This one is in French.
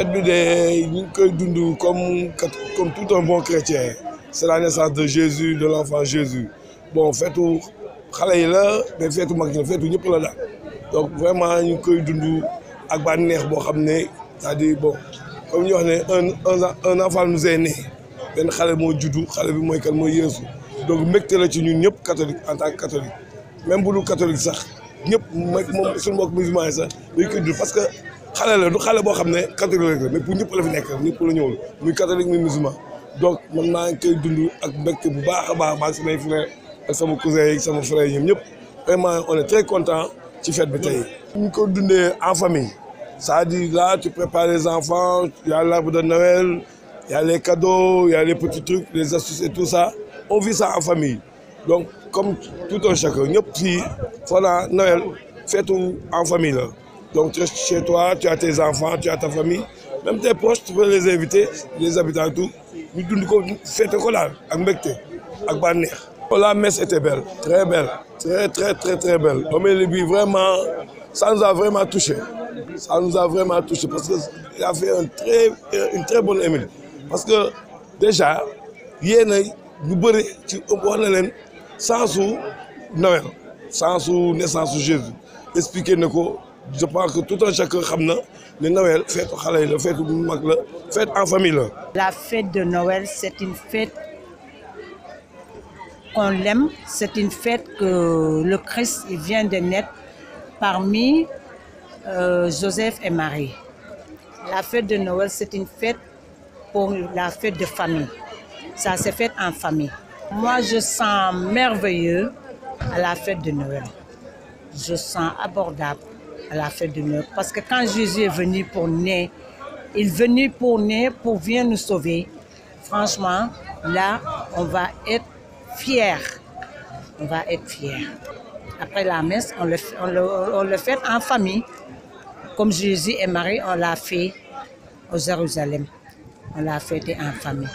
fête bi de ñu koy dund comme comme tout un bon chrétien c'est la naissance de Jésus de l'enfant Jésus bon feetu xale yi la mais feetu mag ñi la feetu ñëpp la donc vraiment ñu koy dund ak ba neex bo xamné c'est-à-dire bon comme ñu wax ne un un enfant nous est né ben xalé mo juddu xalé bi moy kan moy Jésus donc mbégte la ci ñun ñëpp catholique en tant que catholique même bu dul catholique sax ñëpp mom suñu mbokk musulman yi sax dañ koy dund parce que xalé la du xalé bo xamné catholique mais pour ñëpp la fi nekk ñëpp la ñëwul muy catholique muy musulman donc man maa ngi koy dund ak mbégte bu baax a baax maa samay frère ak sama cousin yi sama frère ñëpp vraiment on est très content ci fête bi tay ñu ko dundé en famille Ça dit dire là tu prépares les enfants il y a l'arbre de Noël il y a les cadeaux il y a les petits trucs les astuces et tout ça on vit ça en famille donc comme tout un chacun ñëpp ci foog naa Noël feetu en famille là. Donc tu es chez toi, tu as tes enfants, tu as ta famille, même tes proches, tu peux les inviter, les habitants et tout. Nous donnons nous là, avec avec Banner. La messe était belle, très belle, très très très très belle. On lui vraiment, ça nous a vraiment touché. Ça nous a vraiment touché parce qu'il a fait un très, une très bonne émission. Parce que déjà, hier, nous on tu sans sous Noël, sans sous naissance de Jésus. Expliquez-nous je pense que tout un chacun sait Noël fête la fête en famille la. fête de Noël c'est une fête qu'on aime. c'est une fête que le Christ vient de naître parmi euh, Joseph et Marie. La fête de Noël c'est une fête pour la fête de famille. Ça se fait en famille. Moi je sens merveilleux à la fête de Noël. Je sens abordable à la fête de Noël. Parce que quand Jésus est venu pour naître, il est venu pour naître, pour venir nous sauver. Franchement, là, on va être fiers. On va être fiers. Après la messe, on le, fait en famille. Comme Jésus et Marie, on l'a fait au Jérusalem. On l'a fêté en famille.